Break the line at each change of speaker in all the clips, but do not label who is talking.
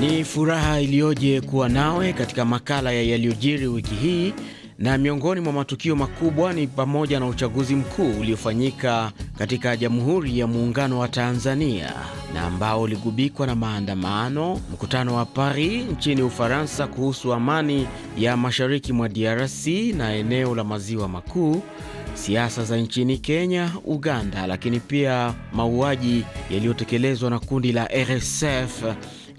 Ni furaha iliyoje kuwa nawe katika makala ya yaliyojiri wiki hii na miongoni mwa matukio makubwa ni pamoja na uchaguzi mkuu uliofanyika katika Jamhuri ya Muungano wa Tanzania na ambao uligubikwa na maandamano, mkutano wa Paris nchini Ufaransa kuhusu amani ya mashariki mwa DRC na eneo la Maziwa Makuu, siasa za nchini Kenya, Uganda, lakini pia mauaji yaliyotekelezwa na kundi la RSF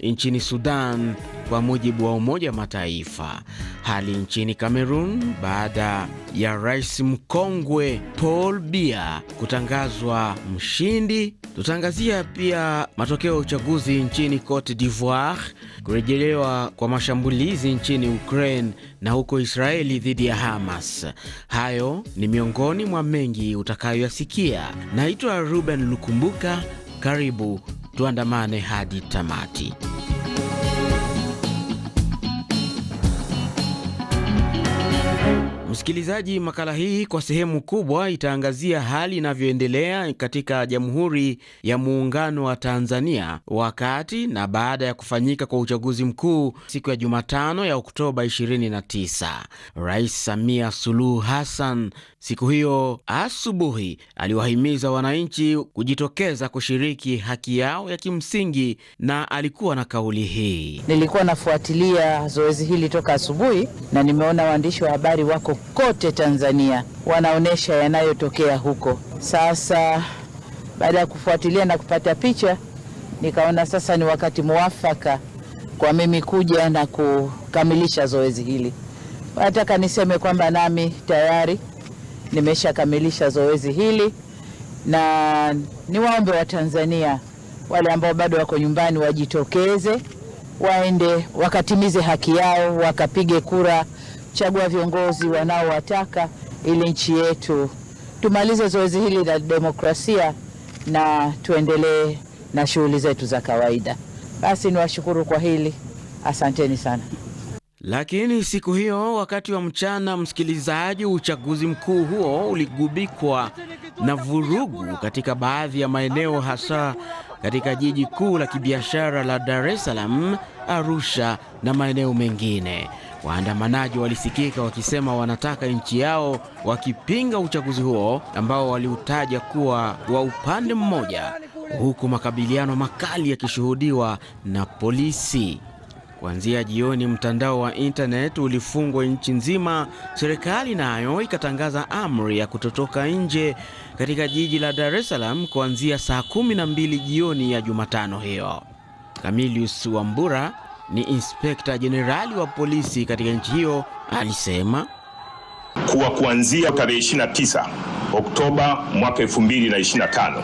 nchini Sudan kwa mujibu wa Umoja wa Mataifa. Hali nchini Kamerun baada ya rais mkongwe Paul Biya kutangazwa mshindi. Tutaangazia pia matokeo ya uchaguzi nchini Cote d'Ivoire, kurejelewa kwa mashambulizi nchini Ukraine na huko Israeli dhidi ya Hamas. Hayo ni miongoni mwa mengi utakayoyasikia. Naitwa Ruben Lukumbuka, karibu tuandamane hadi tamati. Msikilizaji, makala hii kwa sehemu kubwa itaangazia hali inavyoendelea katika Jamhuri ya Muungano wa Tanzania wakati na baada ya kufanyika kwa uchaguzi mkuu siku ya Jumatano ya Oktoba 29. Rais Samia Suluhu Hassan Siku hiyo asubuhi, aliwahimiza wananchi kujitokeza kushiriki haki yao ya kimsingi, na alikuwa na kauli hii:
nilikuwa nafuatilia zoezi hili toka asubuhi, na nimeona waandishi wa habari wako kote Tanzania wanaonyesha yanayotokea huko. Sasa baada ya kufuatilia na kupata picha, nikaona sasa ni wakati mwafaka kwa mimi kuja na kukamilisha zoezi hili. Nataka niseme kwamba nami tayari nimeshakamilisha zoezi hili, na niwaombe Watanzania wale ambao bado wako nyumbani wajitokeze, waende wakatimize haki yao, wakapige kura, chagua viongozi wanaowataka ili nchi yetu tumalize zoezi hili la demokrasia na tuendelee na shughuli zetu za kawaida. Basi niwashukuru kwa hili, asanteni sana.
Lakini siku hiyo wakati wa mchana, msikilizaji, uchaguzi mkuu huo uligubikwa na vurugu katika baadhi ya maeneo, hasa katika jiji kuu la kibiashara la Dar es Salaam, Arusha na maeneo mengine. Waandamanaji walisikika wakisema wanataka nchi yao, wakipinga uchaguzi huo ambao waliutaja kuwa wa upande mmoja, huku makabiliano makali yakishuhudiwa na polisi. Kuanzia jioni, mtandao wa intanet ulifungwa nchi nzima, serikali nayo ikatangaza amri ya kutotoka nje katika jiji la Dar es Salaam kuanzia saa kumi na mbili jioni ya Jumatano hiyo. Camilius Wambura ni inspekta jenerali wa polisi katika nchi hiyo, alisema
kuwa kuanzia tarehe 29 Oktoba mwaka 2025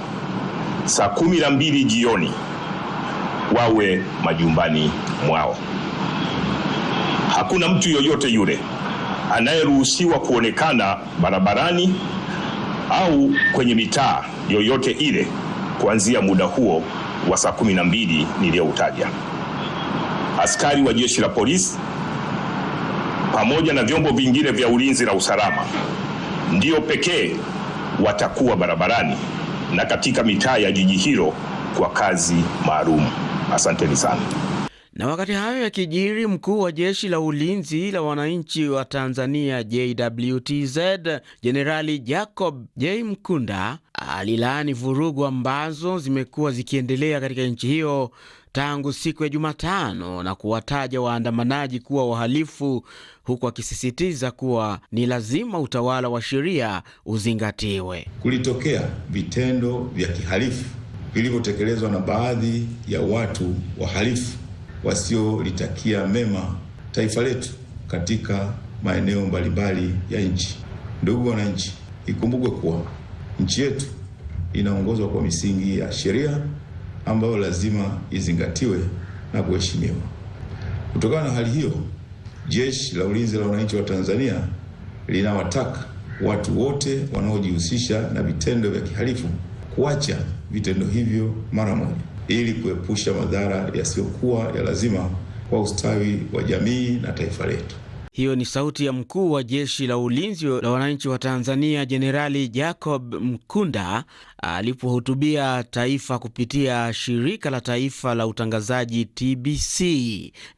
saa kumi na mbili jioni wawe majumbani mwao. Hakuna mtu yoyote yule anayeruhusiwa kuonekana barabarani au kwenye mitaa yoyote ile kuanzia muda huo wa saa kumi na mbili niliyoutaja. Askari wa jeshi la polisi pamoja na vyombo vingine vya ulinzi na usalama ndio pekee watakuwa barabarani na katika mitaa ya jiji hilo kwa kazi maalum. Asanteni sana.
Na wakati hayo yakijiri, mkuu wa jeshi la ulinzi la wananchi wa Tanzania JWTZ Jenerali Jacob J Mkunda alilaani vurugu ambazo zimekuwa zikiendelea katika nchi hiyo tangu siku ya Jumatano na kuwataja waandamanaji kuwa wahalifu, huku akisisitiza kuwa ni lazima utawala wa sheria uzingatiwe.
Kulitokea vitendo vya kihalifu vilivyotekelezwa na baadhi ya watu wahalifu wasiolitakia mema taifa letu katika maeneo mbalimbali ya nchi. Ndugu wananchi, ikumbukwe kuwa nchi yetu inaongozwa kwa misingi ya sheria ambayo lazima izingatiwe na kuheshimiwa. Kutokana na hali hiyo, Jeshi la Ulinzi la Wananchi wa Tanzania linawataka watu wote wanaojihusisha na vitendo vya kihalifu kuacha vitendo hivyo mara moja ili kuepusha madhara yasiyokuwa ya lazima kwa ustawi wa jamii na taifa letu.
Hiyo ni sauti ya mkuu wa jeshi la ulinzi la wananchi wa Tanzania, Jenerali Jacob Mkunda alipohutubia taifa kupitia shirika la taifa la utangazaji TBC.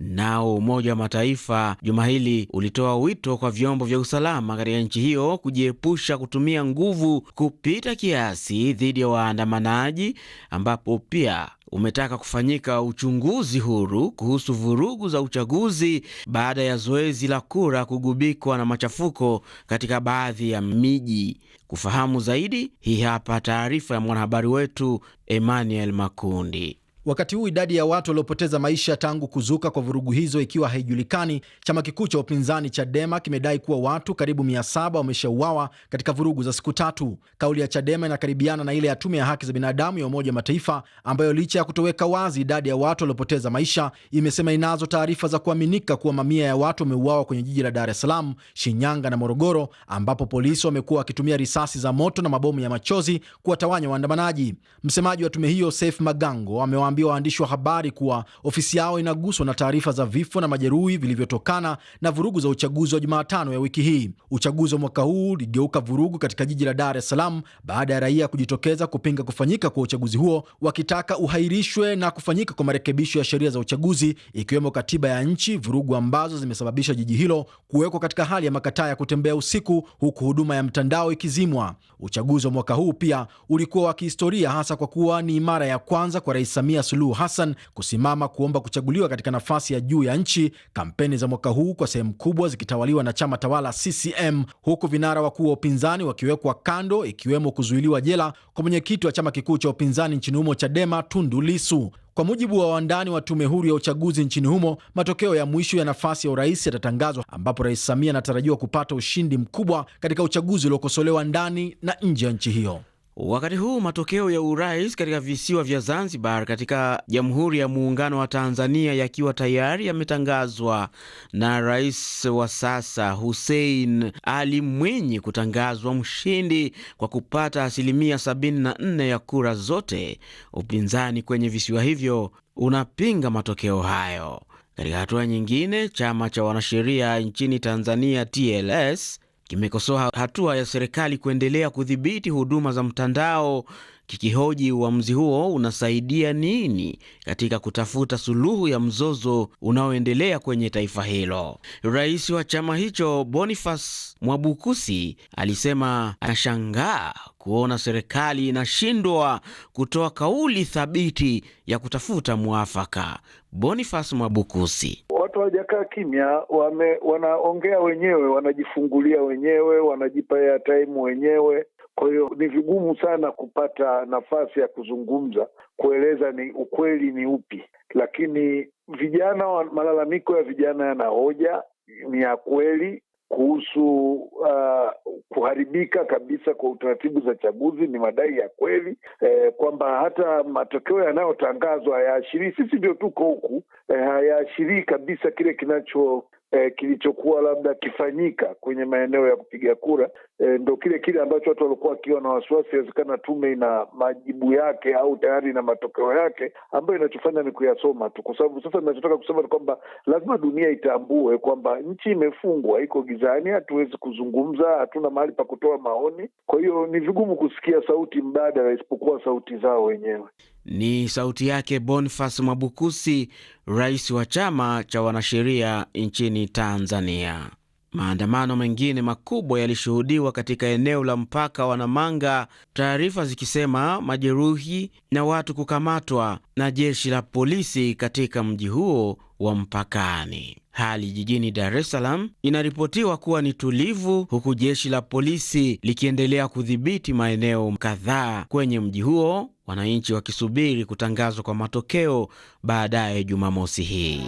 Nao Umoja wa Mataifa juma hili ulitoa wito kwa vyombo vya usalama katika nchi hiyo kujiepusha kutumia nguvu kupita kiasi dhidi ya waandamanaji, ambapo pia umetaka kufanyika uchunguzi huru kuhusu vurugu za uchaguzi baada ya zoezi la kura kugubikwa na machafuko katika baadhi ya miji. Kufahamu zaidi, hii hapa taarifa ya mwanahabari wetu Emmanuel Makundi.
Wakati huu idadi ya watu waliopoteza maisha tangu kuzuka kwa vurugu hizo ikiwa haijulikani, chama kikuu cha upinzani Chadema kimedai kuwa watu karibu 700 wameshauawa katika vurugu za siku tatu. Kauli ya Chadema inakaribiana na ile ya tume ya haki za binadamu ya Umoja wa Mataifa ambayo licha ya kutoweka wazi idadi ya watu waliopoteza maisha, imesema inazo taarifa za kuaminika kuwa mamia ya watu wameuawa kwenye jiji la Dar es Salaam, Shinyanga na Morogoro, ambapo polisi wamekuwa wakitumia risasi za moto na mabomu ya machozi kuwatawanya waandamanaji. Msemaji wa tume hiyo Sef Magango amewa wamewaambia waandishi wa habari kuwa ofisi yao inaguswa na taarifa za vifo na majeruhi vilivyotokana na vurugu za uchaguzi wa Jumatano ya wiki hii. Uchaguzi wa mwaka huu uligeuka vurugu katika jiji la Dar es Salaam baada ya raia kujitokeza kupinga kufanyika kwa uchaguzi huo, wakitaka uhairishwe na kufanyika kwa marekebisho ya sheria za uchaguzi, ikiwemo katiba ya nchi, vurugu ambazo zimesababisha jiji hilo kuwekwa katika hali ya makataa ya kutembea usiku, huku huduma ya mtandao ikizimwa. Uchaguzi wa mwaka huu pia ulikuwa wa kihistoria, hasa kwa kuwa ni mara ya kwanza kwa Rais Samia Suluhu Hassan kusimama kuomba kuchaguliwa katika nafasi ya juu ya nchi, kampeni za mwaka huu kwa sehemu kubwa zikitawaliwa na chama tawala CCM, huku vinara wakuu wa upinzani wakiwekwa kando, ikiwemo kuzuiliwa jela kwa mwenyekiti wa chama kikuu cha upinzani nchini humo Chadema, Tundu Lisu. Kwa mujibu wa wandani wa tume huru ya uchaguzi nchini humo, matokeo ya mwisho ya nafasi ya urais yatatangazwa, ambapo Rais Samia anatarajiwa kupata ushindi mkubwa katika uchaguzi uliokosolewa ndani na nje ya nchi hiyo.
Wakati huu matokeo ya urais katika visiwa vya Zanzibar katika Jamhuri ya Muungano wa Tanzania yakiwa tayari yametangazwa na rais wa sasa Hussein Ali Mwinyi kutangazwa mshindi kwa kupata asilimia 74 ya kura zote, upinzani kwenye visiwa hivyo unapinga matokeo hayo. Katika hatua nyingine, chama cha wanasheria nchini Tanzania TLS kimekosoa hatua ya serikali kuendelea kudhibiti huduma za mtandao kikihoji uamuzi huo unasaidia nini katika kutafuta suluhu ya mzozo unaoendelea kwenye taifa hilo. Rais wa chama hicho Boniface Mwabukusi alisema anashangaa kuona serikali inashindwa kutoa kauli thabiti ya kutafuta mwafaka. Boniface Mwabukusi
watu hawajakaa kimya, wame, wanaongea wenyewe, wanajifungulia wenyewe, wanajipa ya time wenyewe. Kwa hiyo ni vigumu sana kupata nafasi ya kuzungumza, kueleza ni ukweli ni upi, lakini vijana, malalamiko ya vijana yana hoja, ni ya kweli kuhusu uh, kuharibika kabisa kwa utaratibu za chaguzi ni madai ya kweli eh, kwamba hata matokeo yanayotangazwa hayaashirii, sisi ndio tuko huku eh, hayaashirii kabisa kile kinacho eh, kilichokuwa labda kifanyika kwenye maeneo ya kupiga kura eh, ndo kile kile ambacho watu walikuwa wakiwa na wasiwasi, inawezekana tume ina majibu yake au tayari ina matokeo yake, ambayo inachofanya ni kuyasoma tu, kwa sababu sasa inachotaka kusema ni kwamba lazima dunia itambue kwamba nchi imefungwa, iko gizani, hatuwezi kuzungumza, hatuna mahali pa kutoa maoni. Kwa hiyo ni vigumu kusikia sauti mbadala isipokuwa sauti zao wenyewe.
Ni sauti yake Boniface Mwabukusi, rais wa chama cha wanasheria nchini Tanzania. Maandamano mengine makubwa yalishuhudiwa katika eneo la mpaka wa Namanga, taarifa zikisema majeruhi na watu kukamatwa na jeshi la polisi katika mji huo wa mpakani. Hali jijini Dar es Salaam inaripotiwa kuwa ni tulivu, huku jeshi la polisi likiendelea kudhibiti maeneo kadhaa kwenye mji huo wananchi wakisubiri kutangazwa kwa matokeo baadaye Jumamosi hii.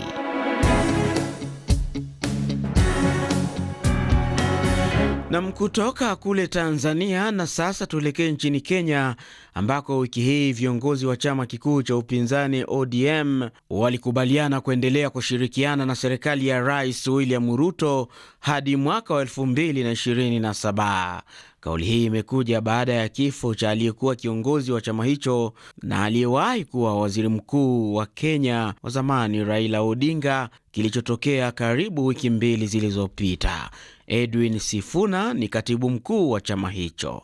Nam, kutoka kule Tanzania na sasa tuelekee nchini Kenya ambako wiki hii viongozi wa chama kikuu cha upinzani ODM walikubaliana kuendelea kushirikiana na serikali ya Rais William Ruto hadi mwaka wa 2027. Kauli hii imekuja baada ya kifo cha aliyekuwa kiongozi wa chama hicho na aliyewahi kuwa waziri mkuu wa Kenya wa zamani Raila Odinga kilichotokea karibu wiki mbili zilizopita. Edwin Sifuna ni katibu mkuu wa chama hicho.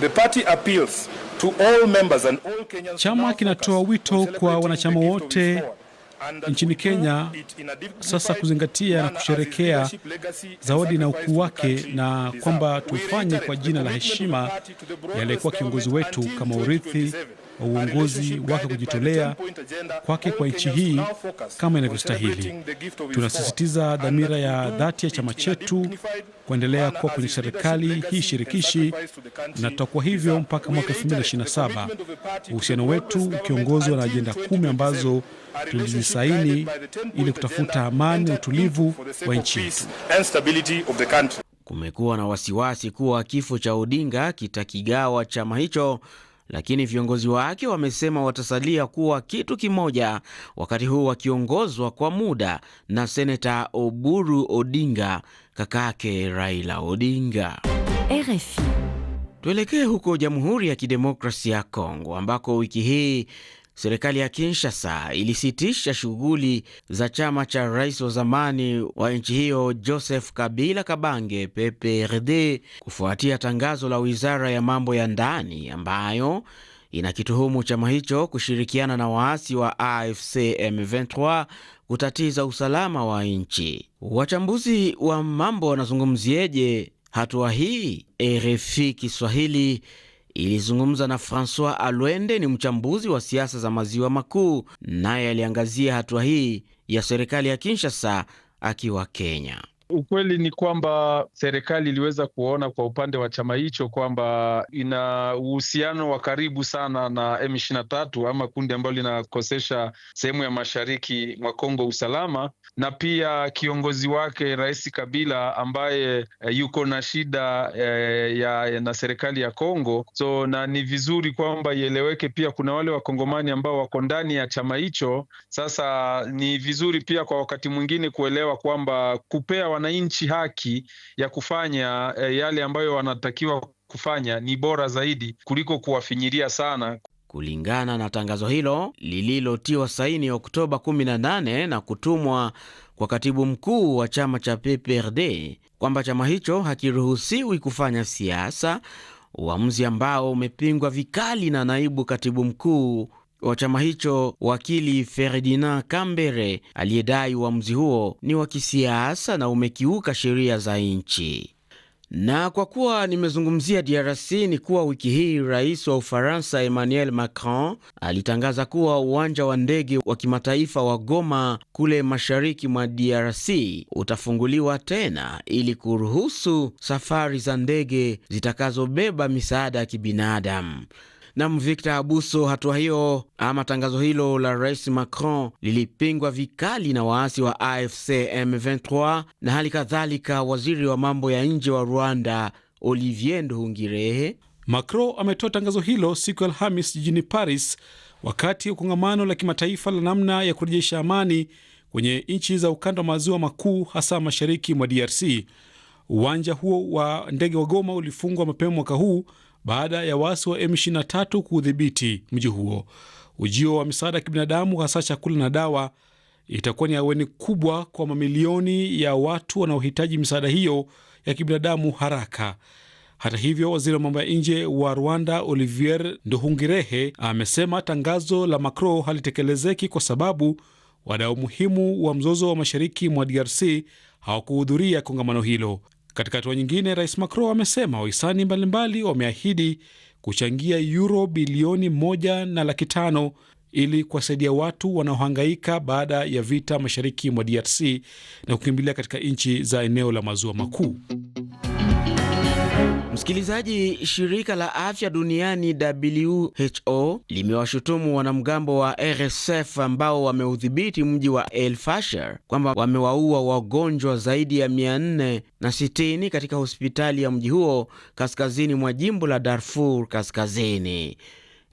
The party appeals
to all members and all Kenyans. Chama kinatoa wito kwa wanachama wote nchini Kenya sasa kuzingatia na kusherekea zawadi na ukuu wake, na kwamba tufanye kwa jina la heshima yaliyekuwa kiongozi wetu kama urithi wa uongozi wake, kujitolea kwake kwa nchi hii kama inavyostahili. Tunasisitiza dhamira ya dhati ya chama chetu kuendelea kuwa kwenye serikali hii shirikishi na tutakuwa hivyo mpaka mwaka 2027, uhusiano wetu ukiongozwa na ajenda kumi ambazo tulizisaini ili kutafuta amani na utulivu wa nchi yetu.
Kumekuwa na wasiwasi kuwa kifo cha Odinga kitakigawa chama hicho lakini viongozi wake wamesema watasalia kuwa kitu kimoja, wakati huu wakiongozwa kwa muda na seneta Oburu Odinga, kakake Raila Odinga. RFI. Tuelekee huko Jamhuri ya Kidemokrasia ya Kongo ambako wiki hii serikali ya Kinshasa ilisitisha shughuli za chama cha rais wa zamani wa nchi hiyo Joseph Kabila Kabange PPRD kufuatia tangazo la wizara ya mambo ya ndani ambayo inakituhumu chama hicho kushirikiana na waasi wa AFC M23 kutatiza usalama wa nchi. Wachambuzi wa mambo wanazungumzieje hatua hii? RFI Kiswahili ilizungumza na Francois Alwende, ni mchambuzi wa siasa za maziwa makuu, naye aliangazia hatua hii ya serikali ya Kinshasa akiwa Kenya.
Ukweli ni kwamba serikali iliweza kuona kwa upande wa chama hicho kwamba ina uhusiano wa karibu sana na M23 ama kundi ambalo linakosesha sehemu ya mashariki mwa Kongo usalama, na pia kiongozi wake Rais Kabila ambaye eh, yuko na shida eh, ya, na serikali ya Kongo. So na ni vizuri kwamba ieleweke pia kuna wale wakongomani ambao wako ndani ya chama hicho. Sasa ni vizuri pia kwa wakati mwingine kuelewa kwamba kupea wananchi haki ya kufanya e, yale ambayo wanatakiwa kufanya ni bora zaidi kuliko kuwafinyilia sana.
Kulingana na tangazo hilo lililotiwa saini Oktoba 18 na kutumwa kwa katibu mkuu wa chama cha PPRD kwamba chama hicho hakiruhusiwi kufanya siasa, uamuzi ambao umepingwa vikali na naibu katibu mkuu wa chama hicho wakili Ferdinand Kambere aliyedai uamuzi huo ni wa kisiasa na umekiuka sheria za nchi. Na kwa kuwa nimezungumzia DRC ni kuwa wiki hii rais wa Ufaransa Emmanuel Macron alitangaza kuwa uwanja wa ndege wa kimataifa wa Goma kule mashariki mwa DRC utafunguliwa tena ili kuruhusu safari za ndege zitakazobeba misaada ya kibinadamu. Nam Victor Abuso, hatua hiyo ama tangazo hilo la Rais Macron lilipingwa vikali na waasi wa AFC M23 na hali kadhalika waziri wa mambo ya nje wa Rwanda Olivier Nduhungirehe.
Macron ametoa tangazo hilo siku ya Alhamis jijini Paris wakati wa kongamano la kimataifa la namna ya kurejesha amani kwenye nchi za ukanda wa maziwa makuu hasa mashariki mwa DRC. Uwanja huo wa ndege wa Goma ulifungwa mapema mwaka huu baada ya waasi wa M23 kuudhibiti mji huo. Ujio wa misaada ya kibinadamu hasa chakula na dawa itakuwa ni aweni kubwa kwa mamilioni ya watu wanaohitaji misaada hiyo ya kibinadamu haraka. Hata hivyo, waziri wa mambo ya nje wa Rwanda Olivier Nduhungirehe amesema tangazo la Macron halitekelezeki kwa sababu wadau muhimu wa mzozo wa mashariki mwa DRC hawakuhudhuria kongamano hilo. Katika hatua nyingine, Rais Macron amesema wahisani mbalimbali wameahidi kuchangia yuro bilioni moja na laki tano ili kuwasaidia watu wanaohangaika baada ya vita mashariki mwa DRC na kukimbilia katika nchi za eneo la maziwa makuu.
Msikilizaji, shirika la afya duniani WHO limewashutumu wanamgambo wa RSF ambao wameudhibiti mji wa El Fasher kwamba wamewaua wagonjwa zaidi ya 460 katika hospitali ya mji huo kaskazini mwa jimbo la Darfur Kaskazini.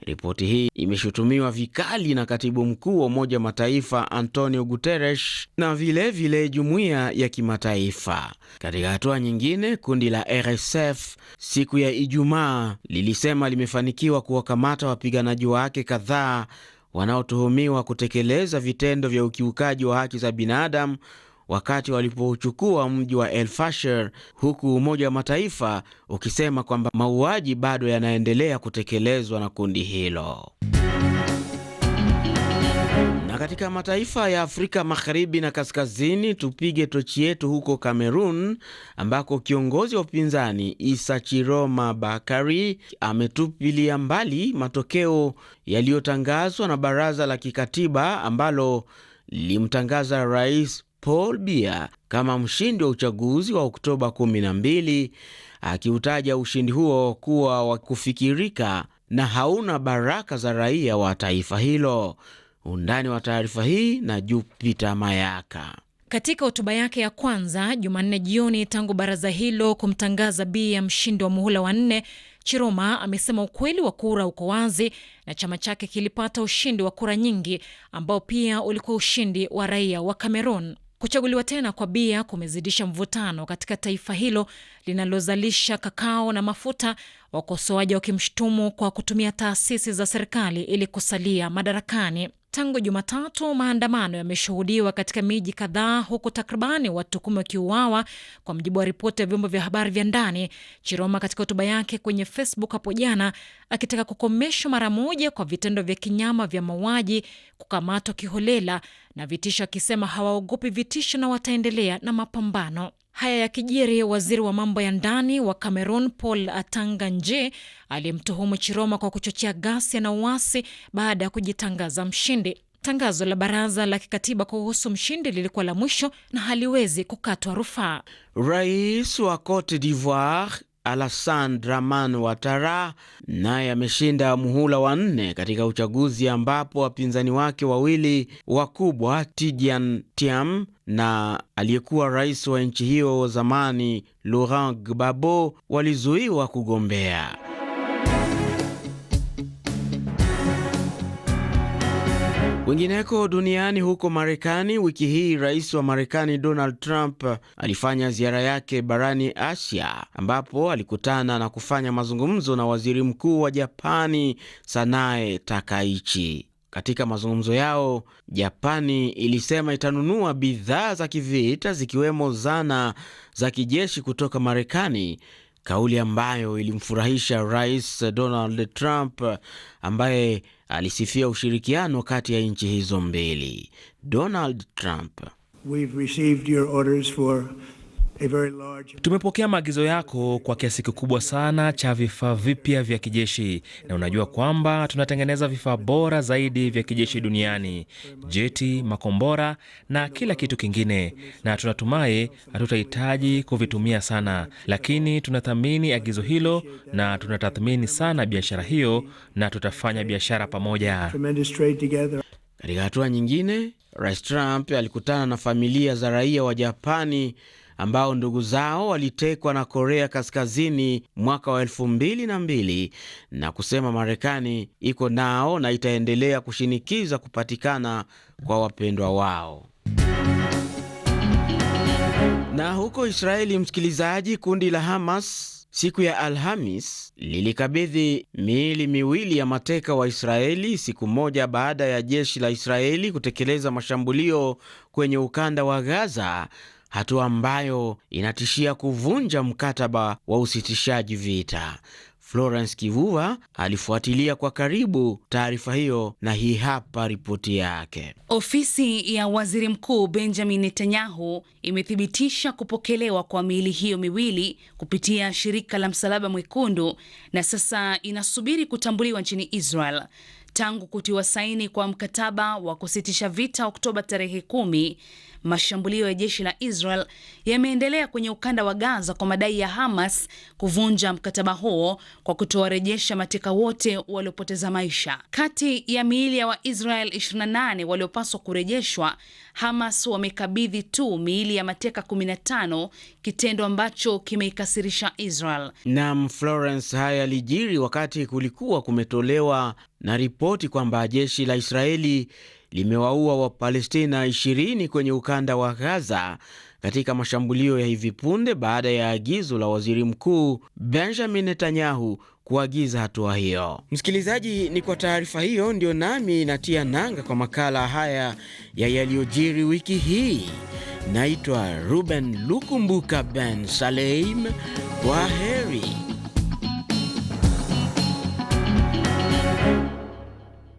Ripoti hii imeshutumiwa vikali na katibu mkuu wa Umoja wa Mataifa Antonio Guterres na vilevile vile jumuiya ya kimataifa. Katika hatua nyingine, kundi la RSF siku ya Ijumaa lilisema limefanikiwa kuwakamata wapiganaji wake kadhaa wanaotuhumiwa kutekeleza vitendo vya ukiukaji wa haki za binadamu wakati walipochukua mji wa El Fasher, huku Umoja wa Mataifa ukisema kwamba mauaji bado yanaendelea kutekelezwa na kundi hilo. Na katika mataifa ya Afrika magharibi na kaskazini, tupige tochi yetu huko Kamerun, ambako kiongozi wa upinzani isachiroma Bakari ametupilia mbali matokeo yaliyotangazwa na baraza la kikatiba ambalo limtangaza rais Paul Bia kama mshindi wa uchaguzi wa Oktoba 12 akiutaja ushindi huo kuwa wa kufikirika na hauna baraka za raia wa taifa hilo. Undani wa taarifa hii na Jupita Mayaka.
Katika hotuba yake ya kwanza Jumanne jioni tangu baraza hilo kumtangaza ya mshindi wa muhula wa nne, Chiroma amesema ukweli wa kura uko wazi na chama chake kilipata ushindi wa kura nyingi ambao pia ulikuwa ushindi wa raia wa Cameroon. Kuchaguliwa tena kwa bia kumezidisha mvutano katika taifa hilo linalozalisha kakao na mafuta, wakosoaji wakimshutumu kwa kutumia taasisi za serikali ili kusalia madarakani. Tangu Jumatatu, maandamano yameshuhudiwa katika miji kadhaa, huku takribani watu kumi wakiuawa, kwa mjibu wa ripoti ya vyombo vya habari vya ndani. Chiroma katika hotuba yake kwenye Facebook hapo jana akitaka kukomeshwa mara moja kwa vitendo vya kinyama vya mauaji, kukamatwa kiholela na vitisho, akisema hawaogopi vitisho na wataendelea na mapambano. Haya ya kijiri waziri wa mambo ya ndani wa cameron Paul Atanga Nje aliyemtuhumu Chiroma kwa kuchochea gasia na uasi baada ya kujitangaza mshindi. Tangazo la baraza la kikatiba kuhusu mshindi lilikuwa la mwisho na haliwezi kukatwa rufaa.
Rais wa Cote d'Ivoire Alassane watara naye ameshinda muhula wa nne katika uchaguzi ambapo wapinzani wake wawili wakubwa tijian Tiam na aliyekuwa rais wa nchi hiyo zamani Laurent Gbagbo walizuiwa kugombea. Kwingineko duniani, huko Marekani, wiki hii rais wa Marekani Donald Trump alifanya ziara yake barani Asia, ambapo alikutana na kufanya mazungumzo na waziri mkuu wa Japani Sanae Takaichi. Katika mazungumzo yao, Japani ilisema itanunua bidhaa za kivita zikiwemo zana za kijeshi kutoka Marekani, kauli ambayo ilimfurahisha rais Donald Trump ambaye alisifia ushirikiano kati ya nchi hizo mbili. Donald Trump We've
Tumepokea maagizo yako kwa kiasi kikubwa sana cha vifaa vipya vya kijeshi, na unajua kwamba tunatengeneza vifaa bora zaidi vya kijeshi duniani, jeti, makombora na kila kitu kingine, na tunatumai hatutahitaji kuvitumia sana, lakini tunathamini agizo hilo na tunatathmini sana biashara hiyo, na tutafanya biashara pamoja.
Katika hatua nyingine, Rais Trump alikutana na familia za raia wa Japani ambao ndugu zao walitekwa na Korea Kaskazini mwaka wa elfu mbili na mbili na kusema Marekani iko nao na itaendelea kushinikiza kupatikana kwa wapendwa wao. Na huko Israeli, msikilizaji, kundi la Hamas siku ya Alhamis lilikabidhi miili miwili ya mateka wa Israeli siku moja baada ya jeshi la Israeli kutekeleza mashambulio kwenye ukanda wa Gaza hatua ambayo inatishia kuvunja mkataba wa usitishaji vita. Florence Kivuva alifuatilia kwa karibu taarifa hiyo na hii hapa ripoti yake.
Ofisi ya waziri mkuu Benjamin Netanyahu imethibitisha kupokelewa kwa miili hiyo miwili kupitia shirika la Msalaba Mwekundu na sasa inasubiri kutambuliwa nchini Israel. Tangu kutiwa saini kwa mkataba wa kusitisha vita Oktoba tarehe kumi, mashambulio ya jeshi la Israel yameendelea kwenye ukanda wa Gaza kwa madai ya Hamas kuvunja mkataba huo kwa kutowarejesha mateka wote waliopoteza maisha. Kati ya miili ya Waisrael 28 waliopaswa kurejeshwa Hamas wamekabidhi tu miili ya mateka 15, kitendo ambacho kimeikasirisha Israel.
Nam Florence, haya yalijiri wakati kulikuwa kumetolewa na ripoti kwamba jeshi la Israeli limewaua Wapalestina 20 kwenye ukanda wa Gaza katika mashambulio ya hivi punde baada ya agizo la waziri mkuu Benjamin Netanyahu kuagiza hatua hiyo. Msikilizaji, ni kwa taarifa hiyo ndio nami natia nanga kwa makala haya ya yaliyojiri wiki hii. Naitwa Ruben Lukumbuka Ben Saleim, kwa heri.